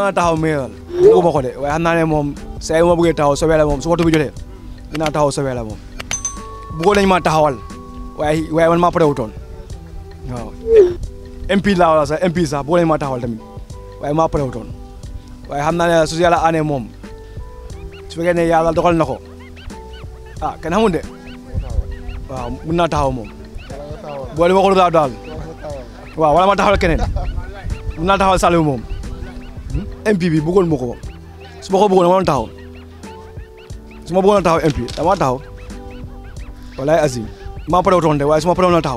mën a taxaw meilleur dina ko ko de waaye xam naa ne moom saa yi ma bëggee taxaw sobee la moom su waxtu bi jotee dinaa taxaw sobee la moom bëggoon nañ maa taxawal waaye waaye man maa pare wutoon waaw MP laa wala sax MP sax bëggoon nañ maa taxawal tamit waaye maa pare wutoon waaye xam naa ne su yàlla aanee moom su fekkee ne yàlla doxal na ko ah kenn xamul de waaw mun naa taxaw moom boole ma ko daal daal waaw wala ma taxawal keneen mun naa taxawal Saliou moom MP hmm? bi bëggoon ma ko su ma ko bëggoon dama taxaw su ma bëggoon taxaw MP dama taxaw walaay Azim maa pare wutoon de waaye su ma pare wutoon rek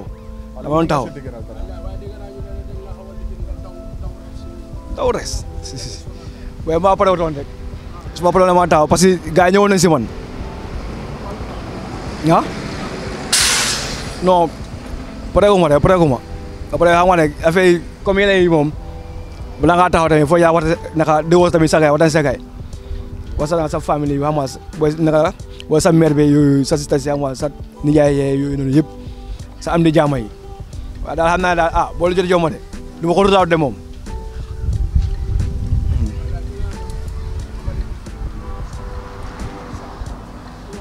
ma pare parce que gars yi ñëwoon nañ si non pareegu ma de pareegu ma après xam nga ne affaire comme yeneen moom. bala ngaa taxaw tamit fo yaa wata naka sagay watan sagay wasana sa famille bi xam booy sa mère bi yooyu sa sista si sa nijaay yooyu noonu yëpp sa am di jaama yi ah, jomma de du ma ko de moom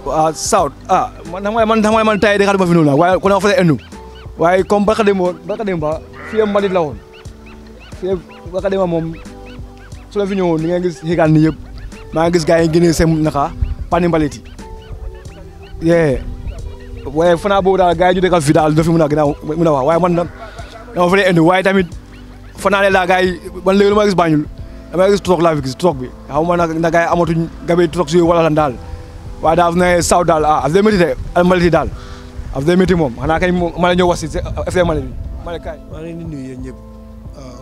waaw South ah man xam man xam de xar ma waaye ku ne ma fa endu waaye comme barka fi Wakadima moom su la fi ñëwoon ni nga gis xigaan ni yëpp maa gis gars yi génnee seen naxa pani yee waaye fanaa boobu daal gars yi ñu dëkkal fii fi mën a gën a mën a wax waaye man dama fa indi waaye tamit fanaa ne laa gars yi léegi lu ma gis Banjul dama gis toog laa fi gis toog bi xaw ma nag nag gars amatuñ gabe toog si wala lan daal waaye daal na saw daal ah af day métti de al mbalit yi daal af day métti moom xanaa kay ma la ñëw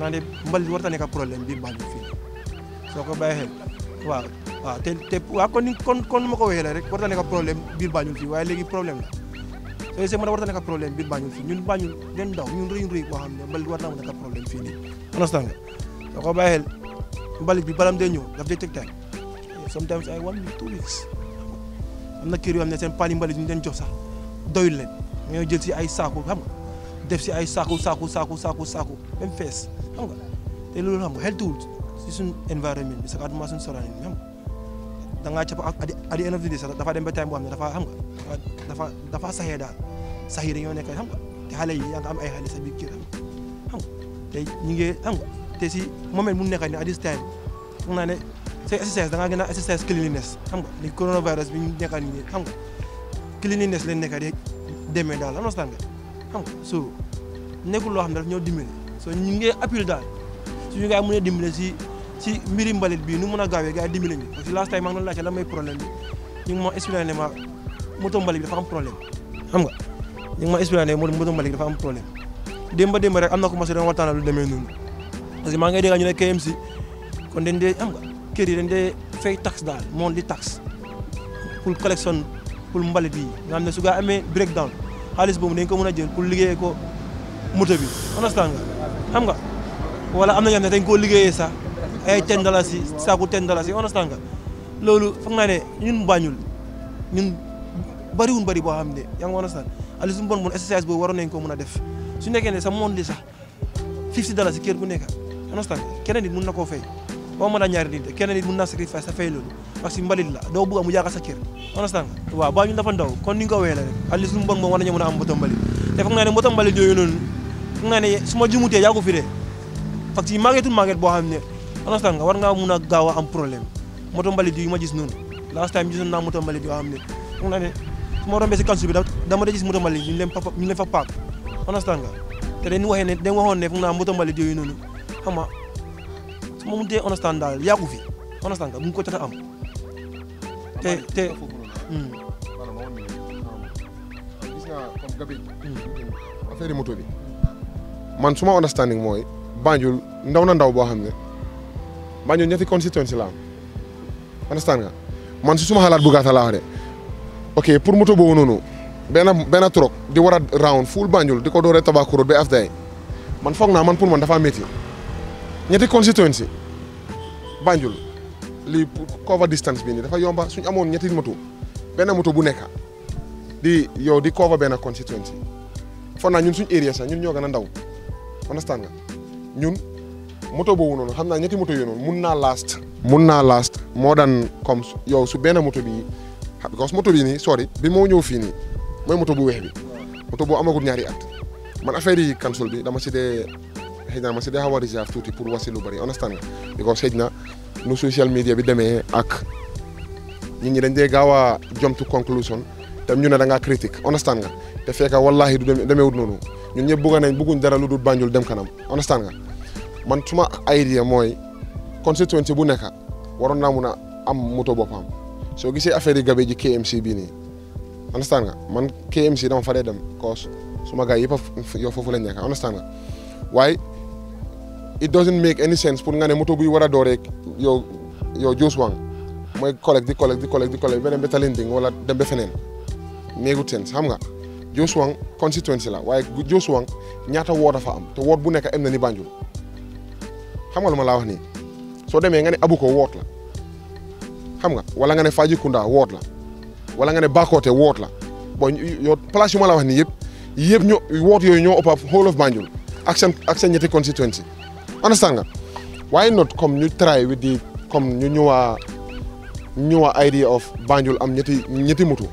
naa ne mbalit warta nekk problème bi Banjul fii soo ko bàyyi xel waaw waaw te te ni kon kon kon ma ko waxee la rek warta nekk problème biir Banjul fii waaye léegi problème la soo gisee mën a warta nekk problème biir Banjul fii ñun Banjul den ndaw ñun rëy rëy boo xam ne mbalit war naa mën a nekk problème fii nii understand nga soo ko bàyyi bi balam dee ñëw daf dee sometimes i want two weeks am na kër yoo xam ne seen paani mbalit ñu leen jox sax doyul leen ñoo jël si ay saako xam nga def si ay saaku saaku saaku saaku saaku même fees xam nga te loolu xam nga xeltuwul si suñ environnement bi sa àdduna suñ soraan bi xam nga da ngaa cappa ak at the end of the day sax dafa dem ba time boo xam ne dafa xam nga dafa dafa saxee daal sax yi dañoo nekk xam nga te xale yi yaa ngi am ay xale sa biir kër xam nga te ñu ngi xam nga te si moment mu nekk ni at this time xam naa ne say exercice da ngaa gën a exercice cleanliness xam nga ni coronavirus bi ñu nekk nii xam nga cleanliness leen nekk di demee daal understand nga so nego loo xam ne daf so ñu ngi appel daal suñu gars si ci mbiri mbalit bii nu mën a gaawee last time maa ngi doon laajte lan ma expliqué ma moto mbalit bi dafa am problème ma expliqué ne moto mbalit bi dafa am problème démba démba rek am na commencé doon waxtaan lu demee noonu parce que pour collection pour mbalit bi, nga xam ne su breakdown xaalis boobu dañ ko mën a jël pour liggéeyee ko moto bi understand nga xam nga wala am na ñoo xam ne dañ koo liggéeyee sax ay ten dollars yi saaku ten dollars si understand nga loolu foog naa ne ñun Banjul ñun bariwun bari boo xam ne yaa ngi understand xaalis bu bon bon exercice boobu waroon nañ ko mën a def su nekkee ne sa monde li sax fifty dollars si kër bu nekk understand keneen nit mun na koo fay moo mën a ñaari nit kenn nit mun naa sacrifice sa fay loolu parce que mbalit la doo bëgg mu jaaxal sa kër understand waaw baa ñun dafa ndaw kon ni nga ko weele rek at least lu mu bon moom war nañu am mbota mbalit te foog naa ne mbota mbalit yooyu noonu foog na ne su ma jumutee yaa ko firee parce que màggeetul màggeet boo xam ne understand nga war ngaa am problème moto mbalit yu ma gis noonu last time gisoon naa moto mbalit yoo xam ne foog ne su ma rombee si kansu bi dama da gis moto mbalit ñu leen ñu leen fa paak understand nga te dañ waxee ne dañ waxoon ne foog naa moto mbalit yooyu noonu xam moom dee understand daal yàqu fi understand ka mu ngi ko jot am. te te gis hmm. naa comme Gabi. Hmm. affaire moto bi. man suma understanding mooy Banjul ndaw na ndaw boo xam ne Banjul ñetti constituency la man si suma xalaat bu gàttal laa wax ok pour moto boobu noonu benn benn troc di war a round full Banjul di ko dooree Tobacco Road ba Afdaye man foog naa man pour man dafa métti. ñetti constituency Banjul li cover distance bi ni dafa yomba suñ amone ñetti moto benn moto bu nekk di yow di cover benn constituency fona ñun suñ area sa ñun ño gëna ndaw understand nga ñun moto bo noonu xamna ñetti moto mën na last mën na last more than comme yow su benn moto bi because moto bi ni sorry bi mo ñew fi ni moy moto bu wéx bi moto boo amagul ñaari at man affaire yi cancel bi dama si xëy na si tuuti pour wasi lu bëri understand nga because xëy na nu social bi demee ak nit ñi dañ dee gaaw a jom to conclusion ñu ne da ngaa critique understand nga te fekka wallahi du demeewut ñun ñëpp bëgg nañ bëgguñ dara lu dul Banjul dem kanam understand nga man suma idea mooy constituency bu nekk waroon naa mun a am moto boppam soo gisee affaire yi gabe ji KMC bii nii understand nga man KMC dama fa dee dem cause suma gars yëpp a yoo foofu lañ nekk understand nga waaye it doesn't make any sense pour nga ne moto buy war a dooree yow yow Jos Wang mooy collect di collect di collect di collect beneen ba Talinding wala dem ba feneen méegut sense xam nga Jos Wang constituency la waaye Jos Wang ñaata woot dafa am te woot bu nekk am na ni Banjul xam nga lu ma laa wax nii soo demee nga ne Abuko woot la xam nga wala nga ne Fajikunda woot la wala nga ne Bakoteh woot la boo yow place yu ma la wax nii yëpp yëpp ñoo woot yooyu ñoo ëpp whole of Banjul ak seen ak seen ñetti understand nga why not come new try with the new new uh, new new uh, idea of Banjul am ñetti ñetti mutu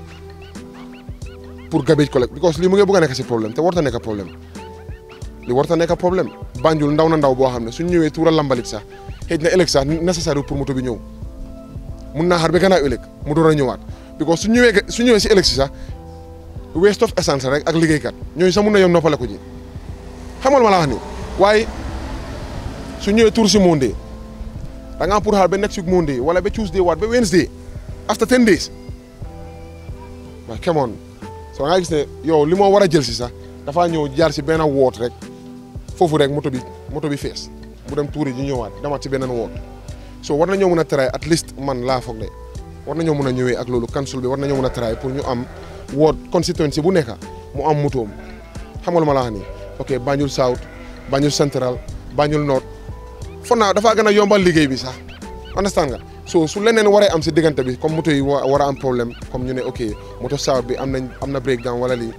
pour garbage collect because li mu ngey bëgg a nekk problème te warta nek problème li warta nek problème Banjul ndaw na ndaw bo xam suñu suñ ñëwee tuura lambalit sax xëy na elek. sax nécessaire pour mutu bi ñëw mën na xaar bi gëna elek mu door ñëwaat because suñu ñëwee suñu ñëwee si elek sax waste of essence rek ak liggéeykat kat ñoy sa mëna yom noppale ko ji xamal ma wax ni waye su ñëwee tour si Monday da nga am pour xaar ba next week Monday wala ba Tuesday waat ba Wednesday after ten days waaye come on soo nga gis ne yow li moo war a jël si sax dafaa ñëw jaar si benn woot rek foofu rek moto bi moto bi fees bu dem tuuri ji ñëwaat demaat si beneen woot soo war nañoo mën na try at least man laa foog ne war nañoo mën a ñëwee ak loolu council bi war na nañoo mën na try pour ñu am woot constituency bu nekk mu am motoom xam nga lu ma la wax nii ok Banjul South Banjul Central Banjul foog naa dafaa gën a yombal liggéey bi sax understand nga so su leneen waree am si diggante bi comme moto yi war a am problème comme ñu ne ok moto saa bi am na am na breakdown wala lii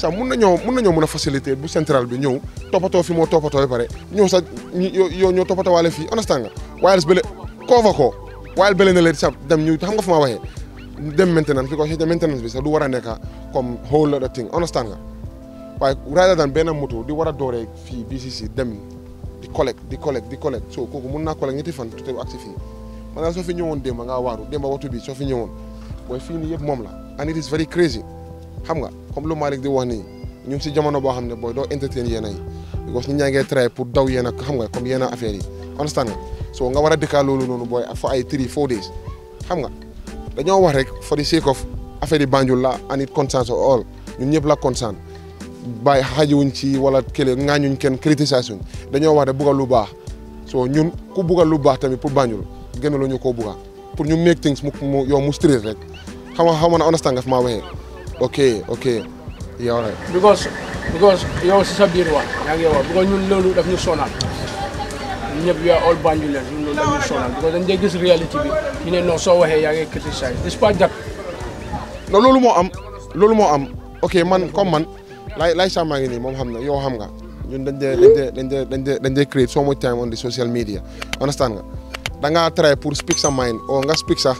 sax mun nañoo mun nañoo mun a facilité bu central bi ñëw toppatoo fi moo toppatoo ba pare ñëw sax yow ñoo toppatoo waale fii understand nga waaye bële koo fa na leen sax dem ñu xam nga fu ma waxee dem maintenance because xëy na maintenance bi sax du war a nekk comme whole other thing understand nga waaye rather than benn moto di war a dooree fii BCC dem. di collecte di collecte di collecte soo kooku mun naa collecte ñetti fan tuuti ak si fii maanaam soo fi ñëwoon démb ngaa waaru démb waxtu bi soo fi ñëwoon mooy fii nii yëpp moom la and it is very crazy xam nga comme lu Malick di wax nii ñu ngi si jamono boo xam ne booy doo entertain yéen a yi because ñu ñaa try pour daw yéen xam nga comme yéen a affaire yi understand nga soo nga war a dëkkaa loolu noonu booy fa ay three four days xam nga dañoo wax rek for the sake of affaire yi Banjul la and it concerns ñun ñëpp la concerne bàyyi xajuwuñ ci wala kële ŋaañuñ kenn criticisation dañoo wax ne bugga lu baax so ñun ku bugga lu baax tamit pour Banjul gëna lu ñu koo bugga pour ñu make things mu mu yow mu straight rek xam nga xam nga maa waxee ok ok yow rek. because si sa biir wax yaa ngi wax because ñun loolu daf ñu sonal ñun ñëpp yow all Banjul la ñun loolu daf ñu sonal because dañ dee gis bi ñu ne non soo waxee yaa ngi loolu moo am loolu moo am ok man comme man. lay lay sama ngi nii moom yo na xam nga ñun dañ dee dañ dee dañ dañ dañ create so much time on the social media understand nga da nga try pour speak sa mind o nga speak sax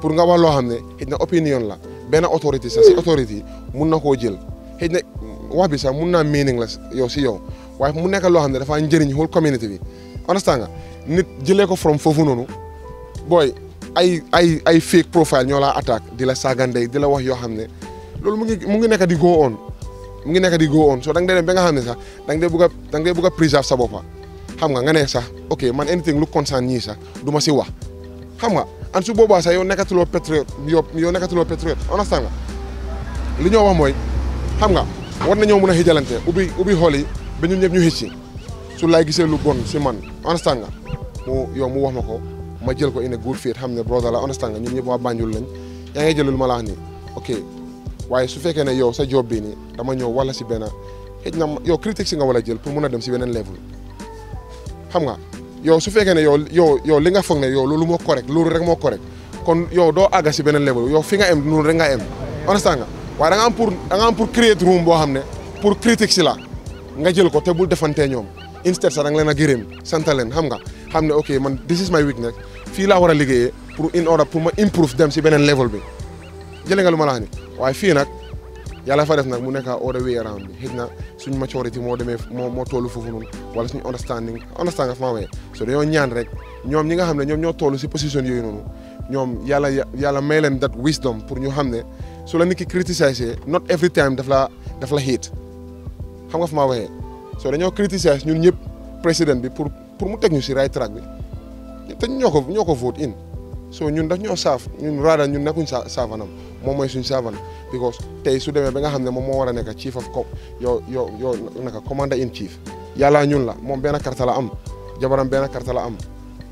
pour nga wax lo xam na opinion la ben authority sa authority, autorité mun na koo jël hit na wax bi sax mun na meaning yo si yo, way mu nek lo xam dafa njëriñ whole community bi understand nga nit jëlé ko from fofu nonu boy ay ay ay fake profile ñola attack, dila di la di la wax yo xam ne mu ngi mu ngi nek di go on mu ngi nekk di go on so dang dee dem ba nga xam sax dang dee bugg a dang dee préserve sa boppa xam nga nga ne sax ok man anything lu concern ñii sax duma ci wax xam nga an su boba sax yow yo yo yow lo nekkatuloo on sax nga li ñoo wax moy xam nga war nañu mëna hijalante ubi ubi holi ba ñun ñep ñu su lay gisee lu bon si man sax nga mu yo mu wax mako ko ma jël ko ene good faith xam brother la sax nga ñun ñep yang Banjul lañ ya oke. jël lu ma ok waye su fekkee ne yow sa job bi ni dama ñëw wala si benn yow critique si nga wala jël pour mëna dem si benen level xam nga yow su fekkee ne yow yow yow li nga ne yow lolu mo correct lolu rek mo correct kon yow do aga si benen level yow fi nga em loolu rek nga em understand nga waaye da nga am pour da nga am pour create room bo xam ne pour critique ci la nga jël ko te bul defanté ñom instead sa da nga leen a gërëm xam nga xam ne man this is my weakness fi la wara a pour in order pour ma improve dem si benen level bi jëlee nga luma la ni way fi nak yalla fa def nak mu nekk all the way around bi hitna suñ maturity mo moo mo mo moo fofu non wala suñ understanding understand nga fa ma so dañu ñaan rek ñom ñi nga xamné ñom ño ñoo ci position yoy non ñom yalla yalla may leen that wisdom pour ñu xamné su la nit ki not every time daf la daf la hate xam nga fa ma so dañu criticize ñun ñëpp president bi pour pour mu tek ñu ci right track bi té ñoko ñoko vote in so ñun daf ñoo saaf ñun raada ñun nekkuñ sa saafanam moom mooy suñu savant because tey su demee ba nga xam ne moom moo war a nekk chief of cop yow yow yow naka commander in chief ñun la moom benn carte la am jabaram benn carte la am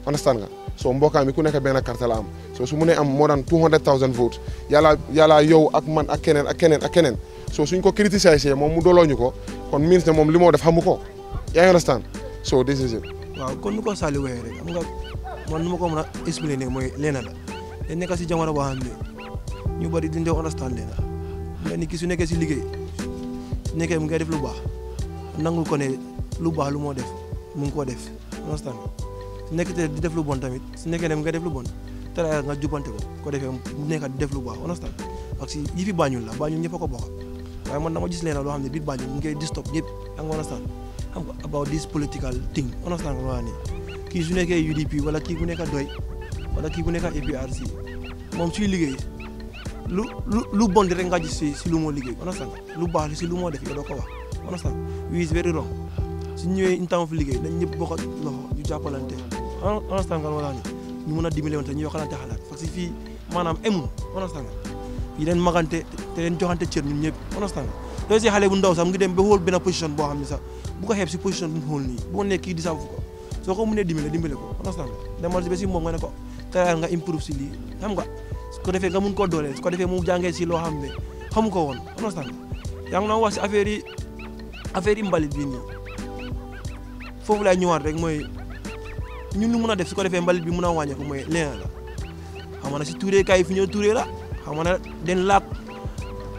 understand nga soo mbokkaam mi ku nekk benn carte la am soo su munee am moo daan two hundred thousand votes yàllaa yàllaa yow ak man ak keneen ak keneen ak keneen soo suñ ko criticisé moom mu ñu ko kon means moom li moo def xamu ko yaa ngi understand so this waaw kon nu ko Saliou waxee rek xam nga man nu ma ko mën a expliquer mooy lenn la te nekk si jamono boo xam ne ñu bëri duñ dee understand leen la ni ki su nekkee si liggéey su nekkee mu ngay def lu baax nangul ko ne lu baax lu moo def mu ngi koo def understand su nekkee di def lu bon tamit su nekkee ne mu ngay def lu jubante ko ko defee mu nekkat di def lu baax understand ak si yi fi bàññul la bàññul ñëpp ko bokk waaye man dama gis leen loo xam ne biir bàññul mu ngay distop ñëpp ak understand xam nga about this political thing understand ko waa nii kii su nekkee UDP wala kii bu nekk doy wala kii bu nekk APRC moom suy liggéey lu lu bon rek nga gis si si lu mo on understand lu baax si lu mo def yow do ko wax understand wi is very wrong su ñëwee une temps fi liggéey dañ ñëpp bokk loxo ñu on understand nga wala ñu mën a dimbali wante ñu yokkalante xalaat ci fi manam emu on understand yi leen magante te leen joxante cër ñun ñëpp understand do ci xalé bu ndaw sam ngi dem ba hol bena position bo xamni sa bu ko xeeb ci position bu hol ni bu nekk di saafu ko soo ko mënee dimbali dimbali ko understand demal ci ba si nga ne ko tayar nga improve ci li xam nga ko defee nga mun koo dooleel ko defee mu jàngee si loo xam ne xamu ko woon understand yaa ngi noo wax si affaire yi affaire yi mbalit bi nii ñëwaat rek ñun def su ko defee mbalit bi mun la si tuuree kaay fi hamana la den lap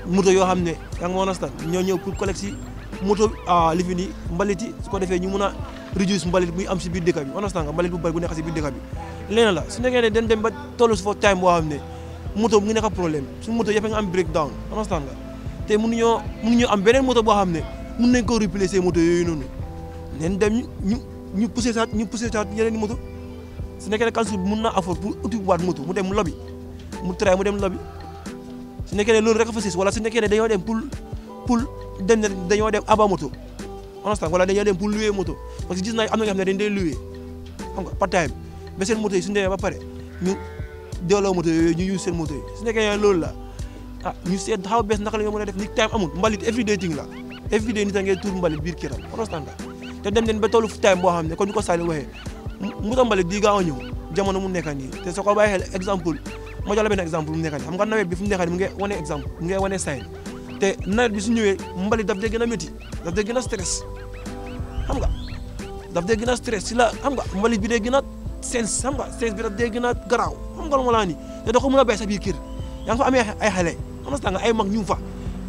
moto yo xam yang yaa ngi understand ñoo ñëw pour collecte si moto ah, li fi nii su ko defee ñu mun reduce mbalit muy am si biir dëkk bi understand nga mbalit bu bari bu nekk biir dëkk bi la su den dem ba tollu si time boo xam moto mu ngi nekk problème suñu moto yëpp nga am breakdown understand nga te mënuñoo mënuñoo am beneen moto boo xam ne mën nañ ko replacer moto yooyu noonu leen dem ñu ñu pousser ñu pousser saat yeneen i moto su nekkee ne council na mën naa afford pour uti moto mu dem lobby mu tray mu dem lobby su nekkee ne loolu rek fa siis wala su nekkee ne dañoo dem pour pour dem ne dañoo dem aba moto understand wala dañoo dem pour louer moto parce que gis naa am na nga xam ne dañ dee louer xam nga part ba pare delloo moto yooyu ñu use moto yi su nekkee loolu la ah ñu seet xaw bees naka la nga mën a def ni time amul mbalit everyday thing la everyday nit a ngay tuur mbalit biir këram constant te dem leen ba tollu fu time boo xam ne comme ni ko Saliou waxee mbuta mbalit di gaaw a ñëw jamono mu nekk nii te soo ko bàyyi xel exemple ma jox la benn exemple mu nekk nii xam nga nawet bi fu mu nekk nii mu ngi wane exemple mu ngi wane sign te nawet bi su ñëwee a métti daf dee gën a xam nga daf dee gën a stress si la xam nga mbalit bi dee gën a seen xam nga seen bi nag day gën a garaaw xam nga lu ma laa ni te doo ko mën a bay sa biir kër yaa ngi fa amee ay xale xam nga nga ay mag ñu ngi fa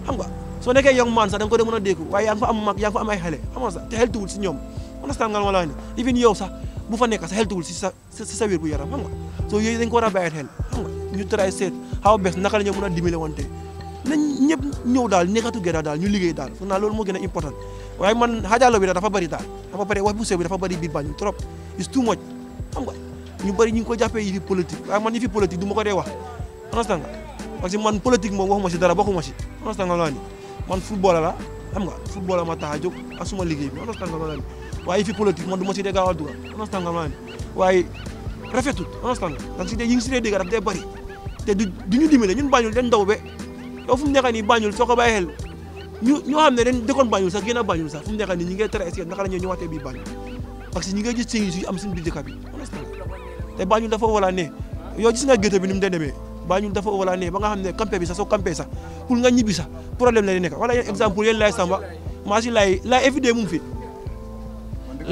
xam nga soo nekkee young man sax da nga ko de mën a dégg waaye yaa ngi fa am mag yaa ngi fa am ay xale xam nga sax te xel tuwul si ñoom understand nga lu ma laa ni even yow sax bu fa nekk sa xel tuwul si sa si sa wér bu yaram xam nga soo yooyu dañ ko war a bàyyi xel xam nga ñu try seet xaw bes naka la ñu mën a dimbale wante nañ ñëpp ñëw daal nekkatu gëra daal ñu liggéey daal foog naa loolu moo gën a important waaye man xaajalo bi daal dafa bëri daal dafa bëri wax bu sew bi dafa bëri biir bañ trop is too much xam nga ñu bari ñu ngi ko jàppee yi politique man ñi fi politique du ma ko dee wax understand nga parce que man politique moom waxuma si dara bokkuma si understand nga laa ni man football la xam nga football ma tax asuma jóg ak suma liggéey bi understand nga ni fi politique man du ma si dee gaaw a dugal understand nga laa ni waaye rafetut understand nga dang si dee yi ngi si dee dégg bari te du ñu dimbale ñun bañul den daw be yow fu mu nekk nii bañul soo ko bàyyi xel ñu ñoo xam ne den bañul sax gën bañul sax fu nekk nii ñi ngay tere est naka la bañul parce que ñi ngay gis sëy suñu am suñu biir dëkk bi te Banjul dafa wala ne yow gis nga gerte bi ni mu demee Banjul dafa wala ne ba nga xam ne campé bi sax soo campé sax pour nga ñibbi sax problème la di nekk wala yéen exemple yéen laay samba maa si laay laay évidé mu ngi fi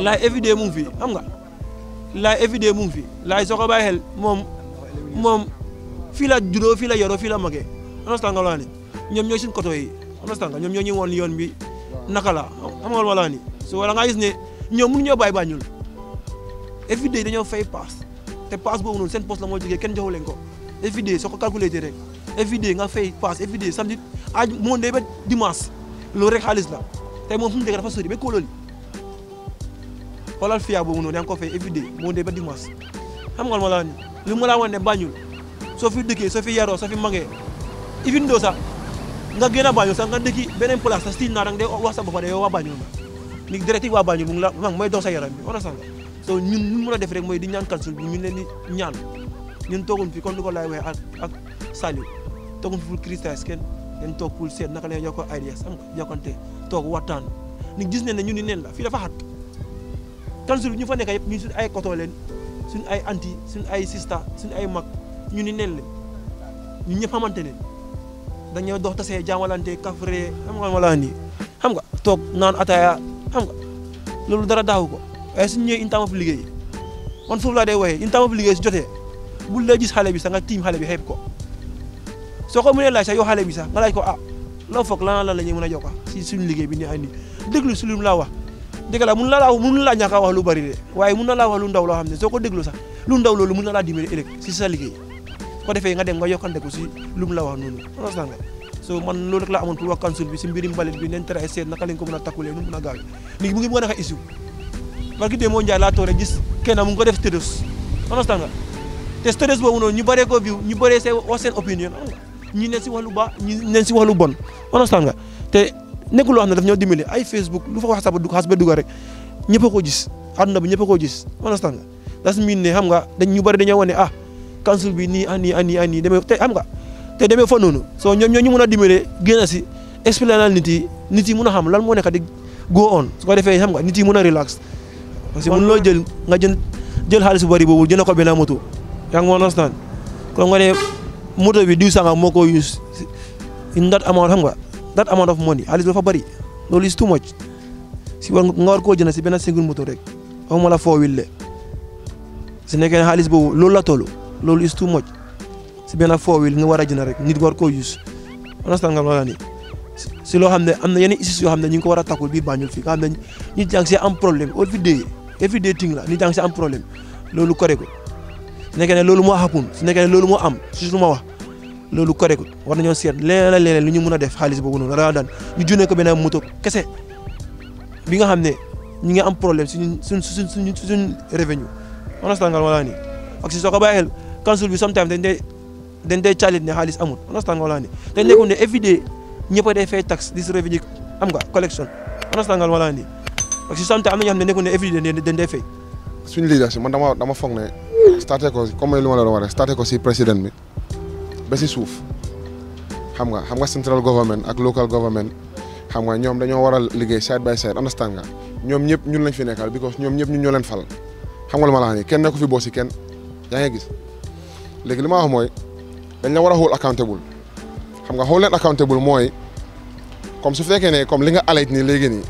laay évidé mu ngi fi xam nga laay évidé mu laay soo ko moom moom fii la juddoo fii la yoroo fii la magee understand nga laa ni ñoom ñooy suñu koto yi understand nga ñoom ñoo ñu woon yoon bi naka la laa ni nga gis ñoom mënu ñoo bañul bàññul everyday dañoo fay pass te pass bo noonu sen poste la mo jige ken joxu leen ko everyday soo ko calculé tee rek everyday nga fay paas everyday samedi a monday ba dimanche lo rek xaliss la té mo fu mu dëgg dafa sori ba ko xoolal xolal fiya bo yaa dañ ko fay everyday monday ba dimanche xam nga mo la ni lu mo la wan bañul so fi dëkke so fi yaro, so fi mangé even doo sax nga gëna a sa nga dëkki benen place sa style na dang wax sa bopp de yow waa ma ni direct wa bañu mu ngi moy do sa yaram bi wala sax so ñun ñu mëna def rek moy di ñaan council bi ñu leen di ñaan ñun togun fi kon niko lay way ak ak sañu togun fi christas sken dañ tok pour naka lay yoko ideas am yokonté tok watan ni gis nañ ne ñun ni neen la fi dafa xat council ñu fa nek yépp ñu sun ay koto leen sun ay anti sun ay sister sun ay mak ñu ni neen leen ñu ñepp xamantene dañu dox tassé jamalante kafré xam nga wala ni xam nga tok naan ataya xam nga loolu dara daaw ko waaye eh, suñu ñëwee intaama fi liggéey man foofu laa day wooyee intaama fi liggéey su jotee ya. bul gis xale bi sax nga tiim xale bi xeeb ko soo ko mënee laaj sax yow xale bi sax nga laaj ko ah foog lan la ñuy mën a jox si suñu liggéey bi ni ay nii déglu si lu mu laa wax dëgg la mun la laa mun laa ñàkk a wax lu bari de waaye mun na laa wax lu ndaw loo xam ne soo ko déglu sax lu ndaw loolu mun na laa dimbali ëllëg si sa liggéey ko defee nga dem nga yokkante si lu mu la wax noonu so man loolu rek la amone pour waa council bi ci mbirim balit bi nañ traité naka lañ ko mëna takulé ñu mëna mën ni mu ngi mëna xé issue parce que démoo njaay laa gis mu ko def on understand nga té stédos bo wono ñu ko view ñu bëree sé wax sen opinion ñi né ci walu ba ñi understand nga te nekkul loo xamna daf ñoo dimbali ay facebook lu fa wax sa ba dugg xas ba dugg rek ñepp ko gis aduna bi ñepp ko gis understand nga das min né xam nga dañ ñu wone ah council kan bi ni ani ah, ani ah, ani, ah, demé té xam nga té démé fa nonu so ñom ñoo ñu mëna a gëna ci expliquer expliqué muna nit yi nit yi mëna xam lan mo nekk di go on su ko défé xam nga nit yi mëna relax parce que mën lo jël nga jël jël xaliss bu bëri boobu jëna ko benn moto ya nga ma understand ko nga ne moto bi diw sanga moko use in that amount xam nga that amount of money xaliss dafa bari loolu is too much si war nga war ko jëna ci benn single moto rek waxuma la four wheel ci su xaliss xaalis boobu la tolu is too much si benn foowil nga war a jënd rek nit war koo use understand nga loola ni si loo xam ne am na yenn issues yoo xam ne ñu ngi ko war a takkul bii fii nga xam ne si am problème every day every day ting la nit jàng si am problème loolu kore ko su nekkee ne loolu moo xapun su nekkee ne loolu am si su ma wax loolu kore ko war nañoo seet leneen la leneen lu ñu mën a def xaalis boobu noonu la daan ñu junne ko benn moto kese bi nga xam ne ñu am problème suñu suñ suñ suñ revenue, on understand nga loola ni parce que soo ko bàyyi council bi sometimes dañ day dañ day caalit ne xaalis amul understand nga wala ni te nekkul ne every day ñëpp a day fay taxe di si revenu am nga collection understand nga wala ni parce na ñoo ne nekkul ne every day dañ day fay suñu leadership man dama dama foog ne starté ko comme li ma la doon waxee ko si président bi ba si suuf xam nga xam nga central government ak local government xam nga ñoom dañoo war liggéey side by side understand nga ñoom ñëpp ñun lañ fi nekkal because ñoom ñëpp ñu ñoo leen fal xam nga lu ma la wax nii kenn nekku fi boo si kenn yaa nga gis léegi li ma wax mooy dañ la war a xool accountable xam nga xool leen accountable mooy comme su fekkee ne comme li nga alate nii léegi nii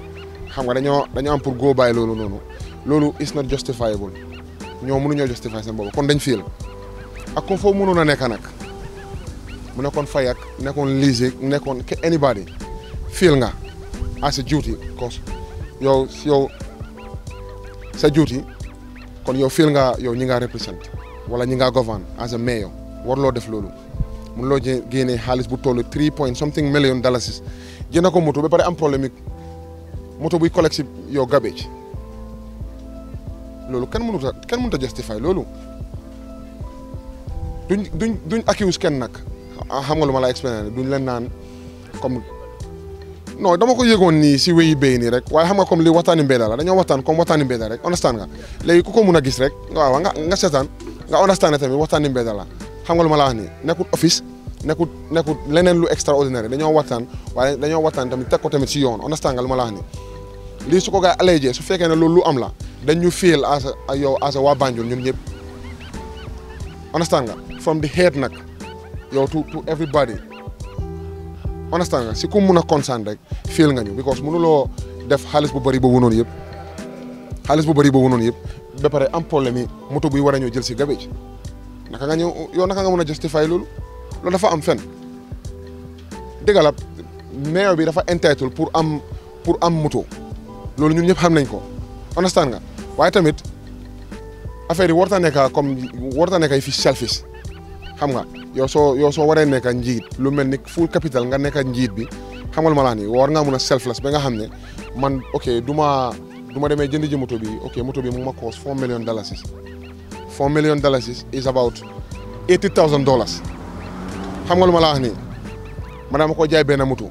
xam nga dañoo dañoo am pour góobaay loolu noonu loolu is not justifiable ñoo mënuñoo justify seen boobu kon dañ fiil ak kon foofu mënoon a nekk nag mu nekkoon fayak nekkoon liise nekkoon ke anybody fiil nga as a duty cause yow yow sa duty kon yow fiil nga yow ñi nga represent wala ñi nga govern as a mayor warloo def loolu mun loo jë génnee xaalis bu toll three point something million dollars jënd ko moto ba pare am problème moto buy collect si yow garbage loolu kenn mënut a kenn mënut a justify loolu duñ duñ duñ accuse kenn nag xam nga lu ma la expliqué duñ leen naan comme non dama ko yëgoon nii si wéyi béy nii rek waaye xam nga comme li waxtaani mbedda la dañoo waxtaan comme waxtaani mbedda rek ku ko mun a gis rek nga waaw nga nga seetaan nga understand tamit waxtaani mbedda la xam nga luma la wax ni office nekkul nekkul leneen lu extraordinaire dañoo waxtaan waaye dañoo waxtaan tamit teg ko tamit si yoon understand nga luma la wax ni lii su ko su fekkee ne loolu lu am la dañ ñu fiil as a yow as a waa Banjul ñun ñëpp understand nga from the head nag yow to to everybody understand nga si ku mun a concern rek fiil nga ñu because mënuloo def xaalis bu bëri boobu noonu yëpp xaalis bu bëri boobu noonu yëpp ba pare am problème yi moto buy war a jël si gabéj naka nga ñëw yow naka nga mën a justifier loolu loolu dafa am fen dëgg la maire bi dafa entitled pour am pour am moto loolu ñun ñëpp xam nañ ko understand nga waaye tamit affaire yi warta nekka comme warta nekka fi selfish xam nga yow soo war soo waree nekka njiit lu mel ni full capital nga nekka njiit bi xamal ma laa ni war ngaa mun a selfless ba nga xam ne man ok du ma du ma demee jënd ji moto bi ok moto bi mu ma cost four million dollars 4 million dollars is, is about 80,000 thousand dollars xam nga luma la wax ni man dama ko jaay ben mutu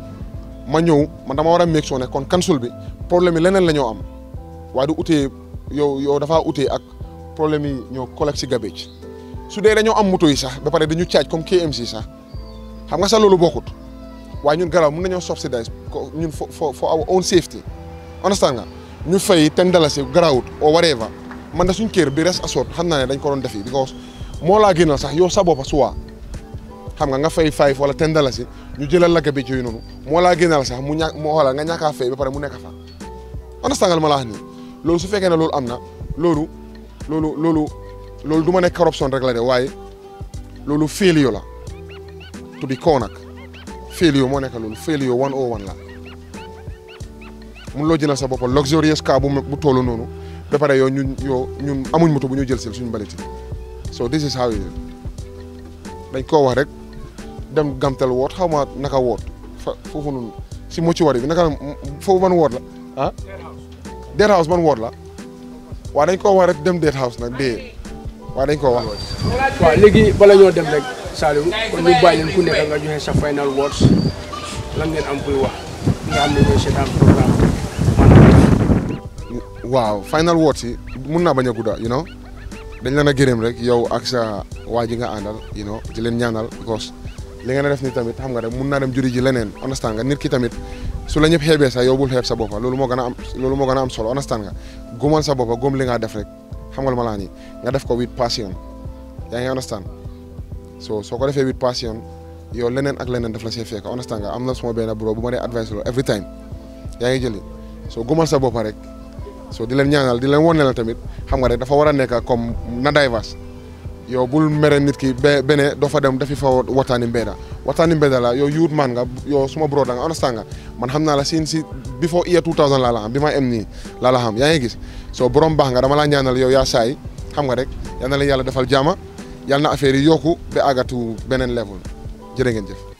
ma ñew man dama wara make sure kon cancel bi problème yi leneen la ñoo am waaye du utee yow yow dafa outé ak problème yi ñoo collect ci garbage su dé dañu am mutu yi sax ba paré dañu tiaj comme KMC sax xam nga sa lolu bokut wa ñun garaw mun nañoo subsidize ñun for for our own safety understand nga ñu fay ten dalasi grawut or whatever man da suñ kër bi res asoot xam naa ne dañ ko doon defi because moo laa gënal sax yow sa boppa suwaa xam nga nga fay five wala ten dalasi ñu jëlal la gabe yooyu noonu moo laa gënal sax mu ñàkk moo xoolal nga ñàkk a fay ba pare mu nekk fa understand ma la wax nii loolu su fekkee ne loolu am na loolu loolu loolu loolu ma ne rek la de waaye la to be koo nag failure moo nekk loolu failure one o oh one la mun loo jënal sa boppa luxurious car bu mu toolu noonu ba pare yow ñun yow ñun amuñ moto bu ñu jël si suñu mbalit yi so this is how it dañ koo wax rek dem gamtal woot xaw ma naka woot fa foofu noonu si mocciwari bi naka foofu man woot la ah. Dead House man woot la waaw dañ koo wax rek dem Dead House nag dee waaw dañ koo wax. waaw léegi bala ñoo dem rek Saliou kon ñu bàyyi leen ku nekk nga joxe sa final words lan ngeen am kuy wax nga xam ne ñooy seetaan programme waaw final words yi mun naa bañ a gudda you know dañ leen a gërëm rek yow ak sa waa ji nga àndal you know di leen ñaanal because li nga def ni tamit xam nga rek mun naa dem juri ji leneen understand nga nit ki tamit su la ñëpp xeebee sax yow bul xeeb sa boppa loolu moo gën a am loolu moo gën a am solo understand nga góomal sa boppa góom li nga def rek xam nga lu ma laa nii nga def ko with passion yaa ngi understand so soo ko defee with passion yow leneen ak leneen def la see fekk understand nga am na suma benn bro bu ma dee advice loolu every yaa ngi jëli soo góomal sa boppa rek so di leen ñaanal di leen wan ne tamit xam nga rek dafa war a nekk comme na divers yow bul mere nit ki be bene doo fa dem defi fa waxtaani mbedda waxtaani mbedda la yow youth man nga yow suma bro da nga understand nga man xam naa la siin si before year 2000 laa xam bi ma am nii laa xam yaa ngi gis soo borom baax nga dama laa ñaanal yow yaa saay xam nga rek yal na leen yàlla defal jaama yal na affaire yi yokku ba àggatu beneen level jërë ngeen jëf